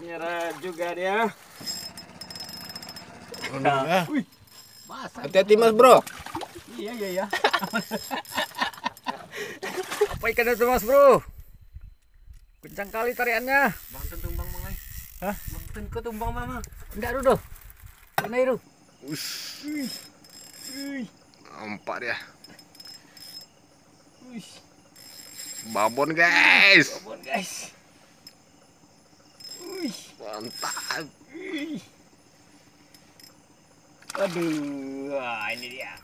nyerah juga dia. Nah. Hati-hati Mas Bro. Iya iya iya. Apa ikan itu Mas Bro? Kencang kali tariannya. Bangten tumbang mangai. Eh. Hah? Bangten ke tumbang mama. Eh. Enggak dulu. Mana itu? Ush. Empat dia. Babon guys. Babon guys mantap aduh ah, ini dia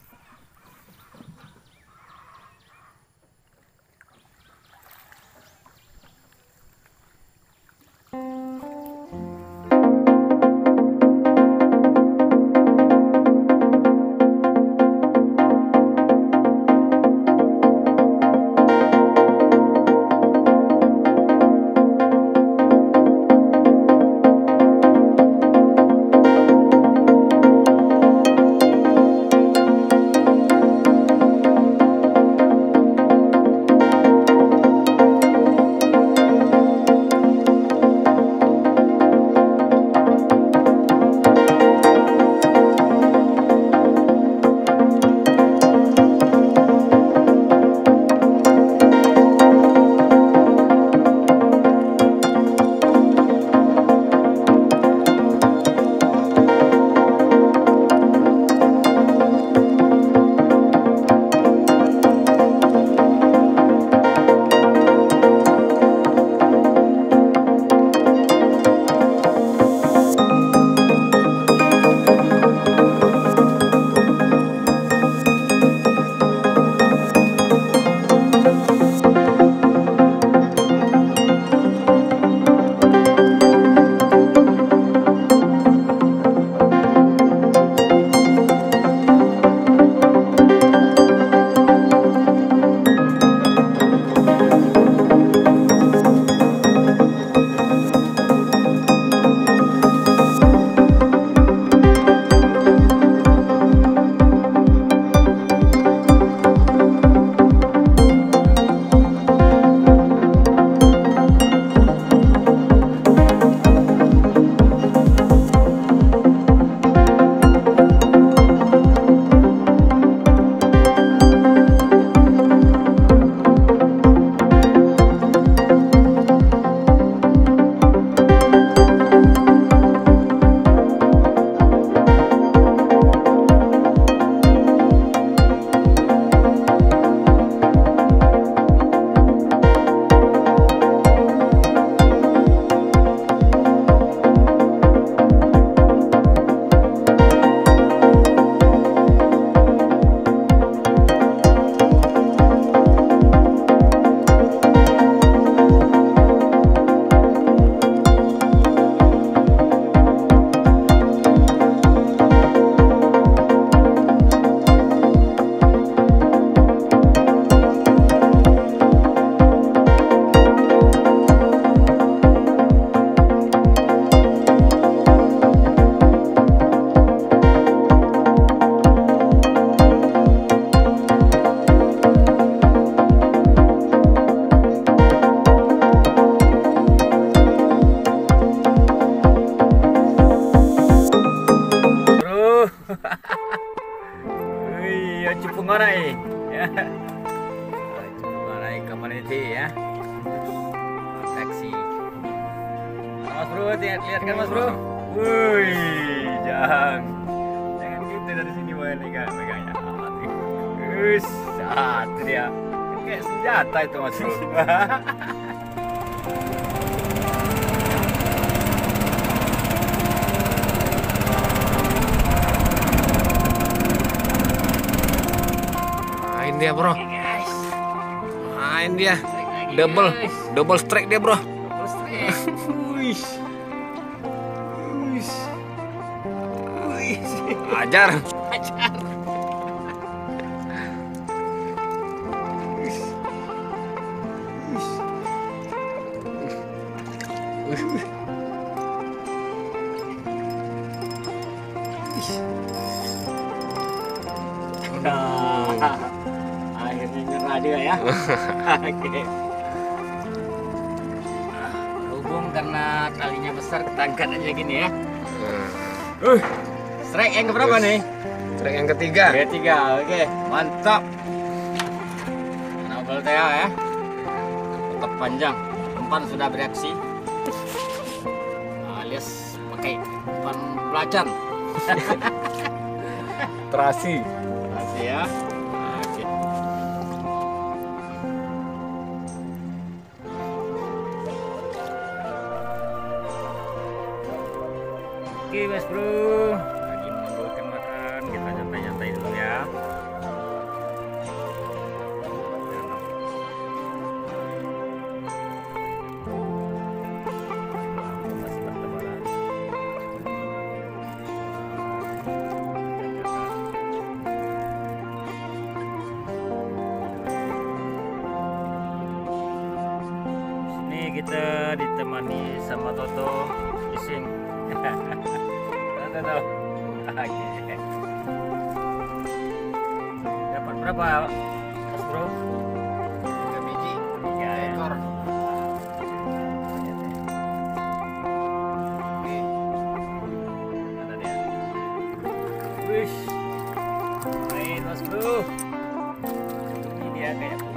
kan mas bro wuih, jangan jangan gitu dari sini boy ini kan megangnya ya, us saat dia kayak senjata itu mas bro main dia bro main dia double double strike dia bro double strike ajar, Pajar. Udah. Akhirnya nyerah dia ya. Oke. Nah, Hubung karena talinya besar, ketangkat aja gini ya. Uh. Strike yang keberapa nih? Strike yang ketiga. Ketiga, oke, okay. mantap. Nabel Teo ya. Tetap panjang. Umpan sudah bereaksi. Alias pakai umpan pelacan. Terasi. Terasi ya. Oke. Oke, okay, Mas Bro dari kita ditemani sama Toto Ising. Toto. Oke berapa bro? tiga biji tiga ya. ekor Wish, main mas bro. Ini dia kayak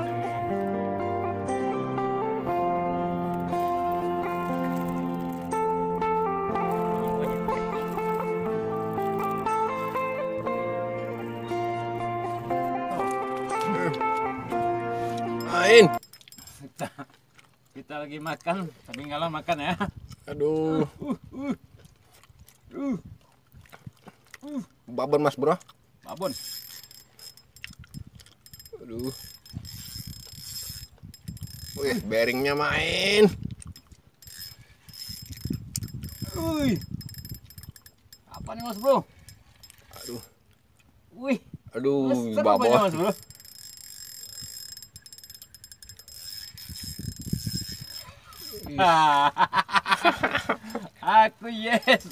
main kita kita lagi makan tapi nggak lama makan ya aduh uh, uh, uh, uh. babon mas bro babon aduh wih bearingnya main Wih. Apa nih Mas Bro? Aduh. Wih. Aduh, babon. Mas Bro. Iya. Aku yes.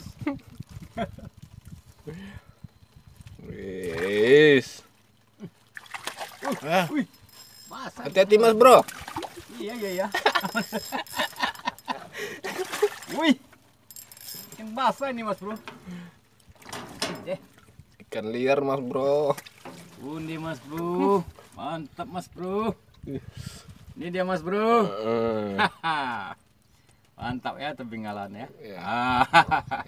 Wis. Uh, Hati-hati Mas Bro. Iya iya iya. Wih. ikan basah ini Mas Bro. Ikan liar Mas Bro. Undi Mas Bro. Mantap Mas Bro. Ini dia Mas Bro. Uh. Mantap ya tebingalan ya. Ya.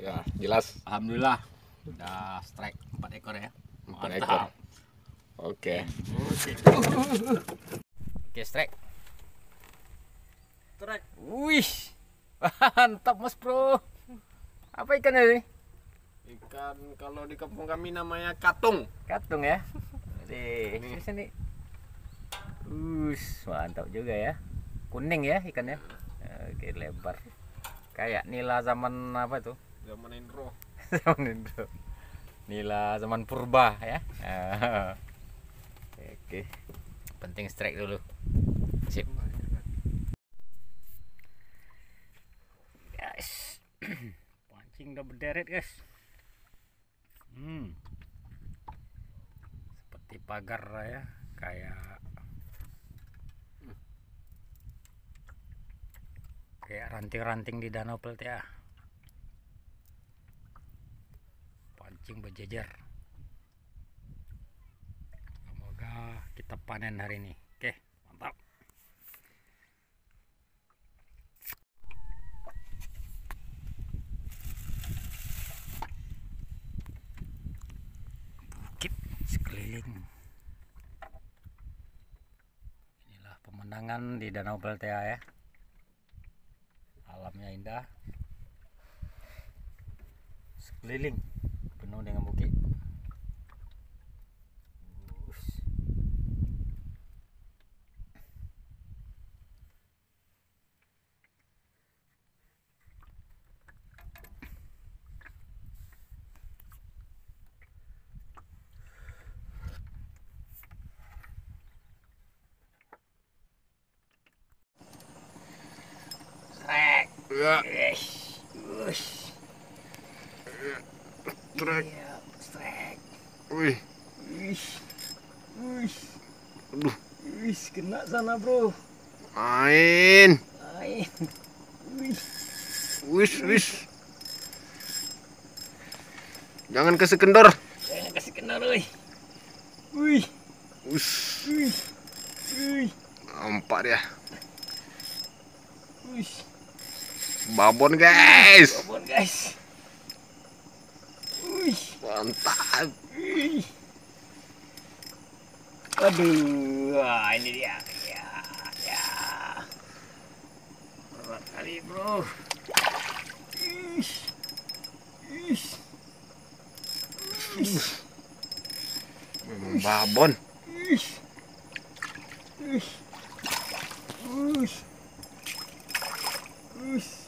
ya, jelas. Alhamdulillah. Udah strike empat ekor ya. empat 4 ekor. Oke. Oke, okay, strike. Strike. Wih. Mantap Mas Bro. Apa ikan ini? Ikan kalau di kampung kami namanya katung. Katung ya. Jadi, ini. sini. Us, mantap juga ya. Kuning ya ikannya oke lebar kayak nila zaman apa itu zaman Indro zaman Indro nila zaman purba ya oke penting strike dulu sip guys pancing udah berderet guys hmm seperti pagar ya kayak pakai ranting-ranting di danau pelt ya ah. pancing berjejer semoga kita panen hari ini oke mantap bukit sekeliling Inilah pemandangan di Danau Beltea ah, ya alamnya indah sekeliling penuh dengan bukit Ya. Trek. Trek. Wih. Wih. wih. Aduh. Wih, kena sana, Bro. Main. Main. Wih. Wih, wih. Jangan kasih kendor. Jangan kasih kendor, wih. Wih. Wih. Wih. Wih. Nampak dia. Wih babon guys babon guys Uih. mantap Uih. aduh Wah, ini dia ya ya berat kali bro Uih. Uih. Uih. Hmm, babon Uih. Uih. Uih. Uih.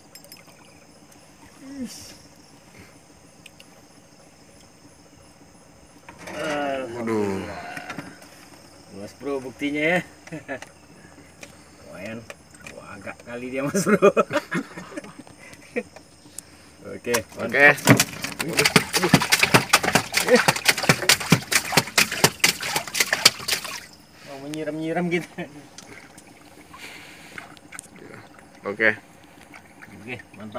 Waduh. Mas Bro buktinya ya. Lumayan. Wah, agak kali dia Mas Bro. Oke, oke. Mau menyiram-nyiram gitu. Oke. Okay. Oke, okay, mantap.